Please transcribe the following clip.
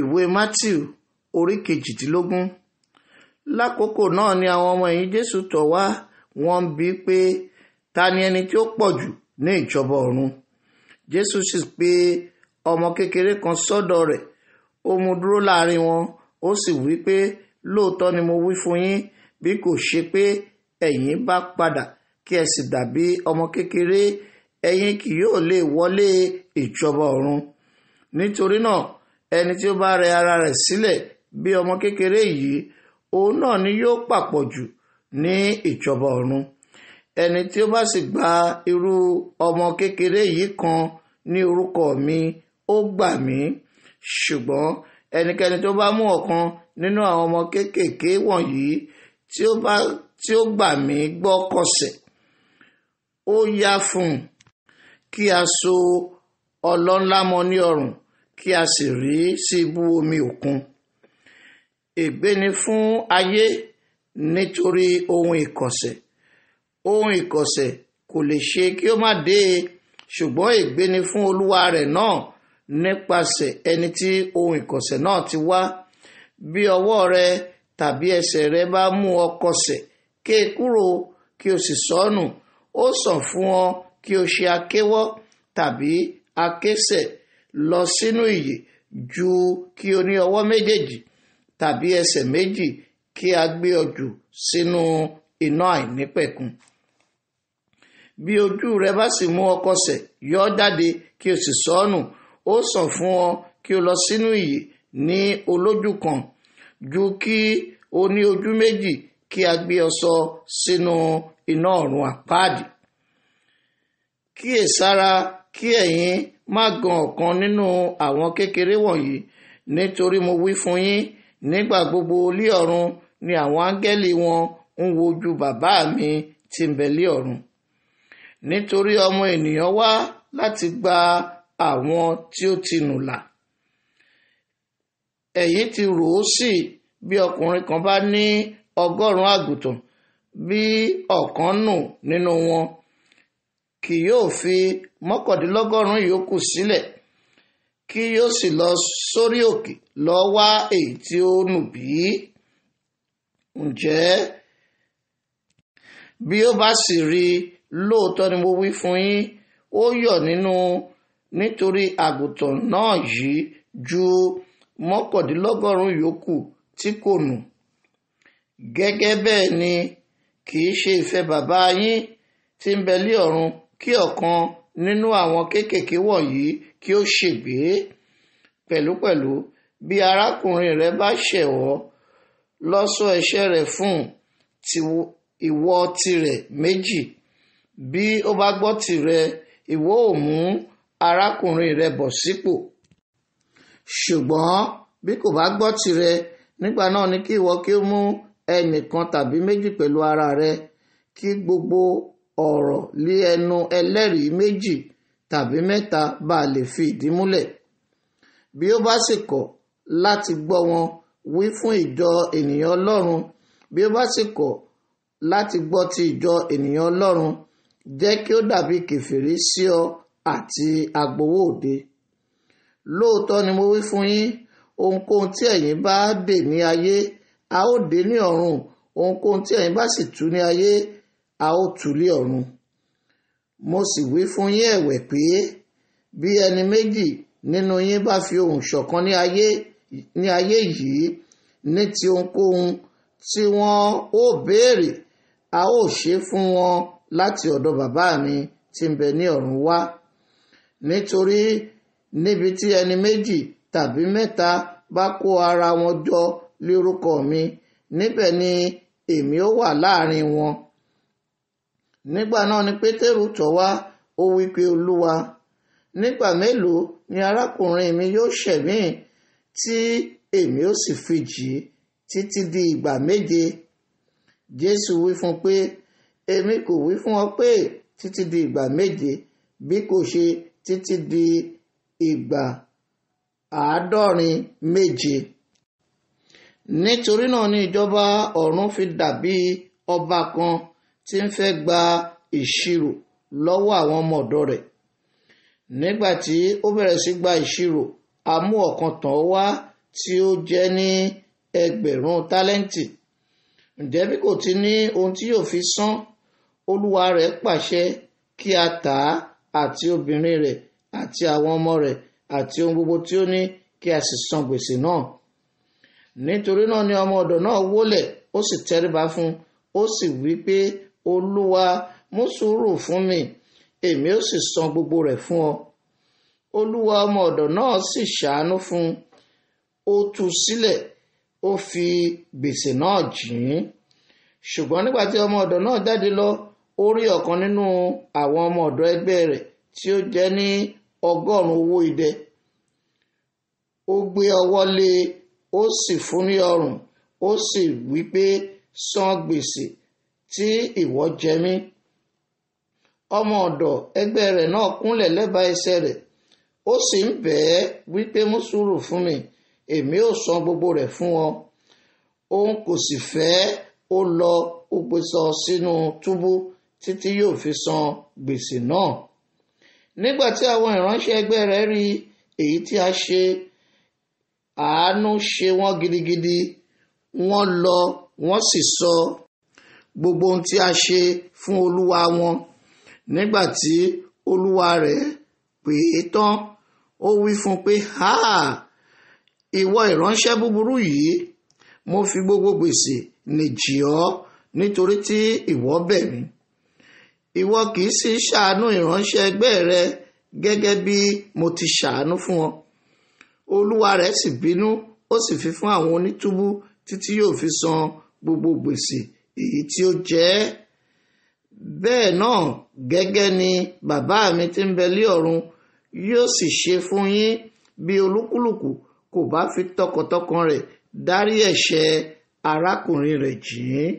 ìwé matthew orí kejìdínlógún lákòókò náà ni àwọn ọmọ ẹ̀yìn jésù tọ̀ wá wọ́n ń bi pé ta ni ẹni tí ó pọ̀ jù ní ìjọba ọ̀run jésù sì pè ọmọ kékeré kan sọ́dọ̀ rẹ̀ ó mú dúró láàrin wọn ó sì wí pé lóòótọ́ ni mo wí fún yín bí kò ṣe pé ẹ̀yin bá padà kí ẹ sì dàbí ọmọ kékeré ẹ̀yin kì yóò lè wọlé ìjọba ọ̀run nítorí náà ẹni tí ó bá rẹ ara rẹ̀ sílẹ̀ bí ọmọ kékeré yìí òun náà ni yóò pàpọ̀ jù ní ìjọba ọ̀run ẹni tí ó bá sì gba irú ọmọ kékeré yìí kan ní orúkọ mi ó gbà mí ṣùgbọ́n ẹnikẹ́ni tó bá mú ọ̀kan nínú àwọn ọmọ kéékèèké wọ̀nyí tí ó bá tí ó gbà mí gbọ́ kọsẹ̀ ó yá fún un kí a so ọlọ́nlá mọ́ ní ọrùn kí a sì rí sí ibú omi òkun ègbé ni fún ayé nítorí ohun ìkọ̀sẹ̀ ohun ìkọ̀sẹ̀ kò lè ṣe kí ó má dé e ṣùgbọ́n ègbé ni fún olúwa rẹ̀ náà nípasẹ̀ ẹni tí ohun ìkọ̀sẹ̀ náà ti wá bí ọwọ́ rẹ tàbí ẹsẹ̀ rẹ bá mú ọ kọsẹ̀ ké e kúrò kí o sì sọnù ó sàn fún ọ kí o ṣe akéwọ́ tàbí akésẹ̀ lọ sínú ìyè ju kí o ní ọwọ́ méjèèjì tàbí ẹsẹ̀ méjì kí a gbé ọ jù sínú iná àìnípẹ̀kun bí ojú rẹ bá sì mú ọ kọsẹ̀ yọ ọ jáde kí o sì sọnù ó sàn fún ọ kí o lọ sínú ìyè ní olójú kan ju kí o ní ojú méjì kí a gbé ọ sọ sínú iná ọ̀run àpáàdì kíyèsára kí ẹ̀yin má gan ọ̀kan nínú àwọn kékeré wọ̀nyí nítorí mo wí fún yín nígbà gbogbo lí ọ̀run ni àwọn áńgẹ́lì wọn ń wojú bàbá mi tí ń bẹ lí ọ̀run nítorí ọmọ ènìyàn wá láti gba àwọn tí ó ti nù là ẹ̀yin ti rò ó sì bí ọkùnrin kan bá ní ọgọ́rùn-ún àgùntàn bí ọ̀kan nù nínú wọn kì yóò fi mọ́kàndínlọ́gọ́rùn-ún yòókù sílẹ̀ kí yóò sì lọ sórí òkè lọ wá èyí tí ó nù bí. ǹjẹ́ bí ó bá sì rí i lóòótọ́ ni mo wí fún yín ó yọ̀ nínú nítorí àgùntàn náà yìí ju mọ́kàndínlọ́gọ́rùn-ún yòókù tí kò nù. gẹ́gẹ́ bẹ́ẹ̀ ni kì í ṣe ìfẹ́ bàbá yín tí ń bẹ lí ọ̀run kí ọ̀kan nínú àwọn kéékèèké wọ̀nyí kí ó ṣègbé pẹ̀lúpẹ̀lú bí arákùnrin rẹ bá ṣẹ̀ ọ́ lọ́sọ ẹ̀ṣẹ̀ rẹ̀ fún ìwọ tirẹ̀ méjì bí ó bá gbọ́ tirẹ̀ ìwọ ò mú arákùnrin rẹ bọ̀ sípò ṣùgbọ́n bí kò bá gbọ́ tirẹ̀ nígbà náà ni kí ìwọ kí ó mú ẹnìkan tàbí méjì pẹ̀lú ara rẹ kí gbogbo ọ̀rọ̀ lé ẹnu ẹlẹ́rìí méjì tàbí mẹ́ta bá a lè fi ìdí múlẹ̀ bí ó bá sì kọ̀ láti gbọ́ wọn wí fún ìjọ ènìyàn ọlọ́run bí ó bá sì kọ̀ láti gbọ́ ti ìjọ ènìyàn ọlọ́run jẹ́ kí ó dàbí kèfèrí sí ọ àti agbowó òde lóòótọ́ ni mo wí fún yín ohunkóhun tí ẹ̀yin bá dè ní ayé a ó dè ní ọ̀run ohunkóhun tí ẹ̀yin bá sì tú ní ayé a ó tulé ọ̀run mo sì wí fún yín ẹ̀wẹ̀ pé bí ẹni méjì nínú yín bá fi ohùn ṣọ̀kan ní ayé yìí ní ti ohunkóhun tí wọ́n ó béèrè a ó ṣe fún wọn láti ọ̀dọ̀ bàbá mi tí ń bẹ ní ọ̀run wá nítorí níbi tí ẹni méjì tàbí mẹ́ta bá kó ara wọn jọ lórúkọ mi níbẹ̀ ni èmi ó wà láàrin wọn nígbà náà ni pétérù tọ̀ wá ó wí pé olúwa nígbà mélòó ni arákùnrin mi yóò ṣẹ̀mí tí èmi ó sì fi jì í títí di ìgbà méje jésù wí fún pé èmi kò wí fún ọ pé títí di ìgbà méje bí kò ṣe títí di ìgbà àádọ́rin méje nítorí náà ni ìjọba ọ̀run fi dàbí ọba kan tí ń fẹ́ gba ìṣirò lọ́wọ́ àwọn ọmọ ọ̀dọ̀ rẹ̀ nígbà tí ó bẹ̀rẹ̀ sí gba ìṣirò a mú ọ̀kan tán wá tí ó jẹ́ ní ẹgbẹ̀rún tálẹ́ǹtì ǹjẹ́ bí kò ti ní ohun tí yóò fi san olúwa rẹ̀ pàṣẹ kí a tà á àti obìnrin rẹ̀ àti àwọn ọmọ rẹ̀ àti ohun gbogbo tí ó ní kí a sì san gbèsè náà nítorí náà ni ọmọ ọ̀dọ̀ náà wólẹ̀ ó sì tẹríba fún ó sì wí pé olúwa mú sùúrù fún mi èmi ó sì san gbogbo rẹ̀ fún ọ olúwa ọmọ ọ̀dọ̀ náà sì ṣàánú fún un ó tú sílẹ̀ ó fi gbèsè náà jìn ín ṣùgbọ́n nígbà tí ọmọ ọ̀dọ̀ náà jáde lọ ó rí ọ̀kan nínú àwọn ọmọ ọ̀dọ̀ ẹgbẹ́ rẹ̀ tí ó jẹ́ ní ọgọ́rùn owó idẹ ó gbé ọwọ́ lé e, ó sì fún ní ọrùn ó sì wí pé san gbèsè tí ìwọ jẹ mí ọmọ ọ̀dọ̀ ẹgbẹ́ rẹ̀ náà kúnlẹ̀ lẹ́bàá ẹsẹ̀ rẹ̀ ó sì ń bẹ̀ ẹ́ wípé mú sùúrù fún mi èmi ò san gbogbo rẹ̀ fún ọ òun kò sì fẹ́ ó lọ ó gbé sọ sínú túbú títí yóò fi san gbèsè náà nígbà tí àwọn ìránṣẹ́ ẹgbẹ́ rẹ̀ rí èyí tí a ṣe àánú ṣe wọ́n gidigidi wọ́n lọ wọ́n sì sọ gbogbo ohun tí a ṣe fún olúwa wọn nígbà tí olúwa rẹ̀ pè é tán ó wí fún pé ha ìwọ ìránṣẹ́ búburú yìí mo fi gbogbo gbèsè nì jì ọ́ nítorí tí ìwọ bẹ̀ mí ìwọ kì í sì ṣàánú ìránṣẹ́ ẹgbẹ́ rẹ gẹ́gẹ́ bí mo ti ṣàánú fún ọ olúwa rẹ̀ sì bínú ó sì fi fún àwọn onítúbú títí yóò fi san gbogbo gbèsè èyí tí ó jẹ́ bẹ́ẹ̀ náà gẹ́gẹ́ ni bàbá mi tí ń bẹ lí ọ̀run yóò sì ṣe fún yín bí olúkúlùkù kò bá fi tọkàntọkàn rẹ̀ dárí ẹ̀ṣẹ̀ arákùnrin rẹ̀ jìn ín.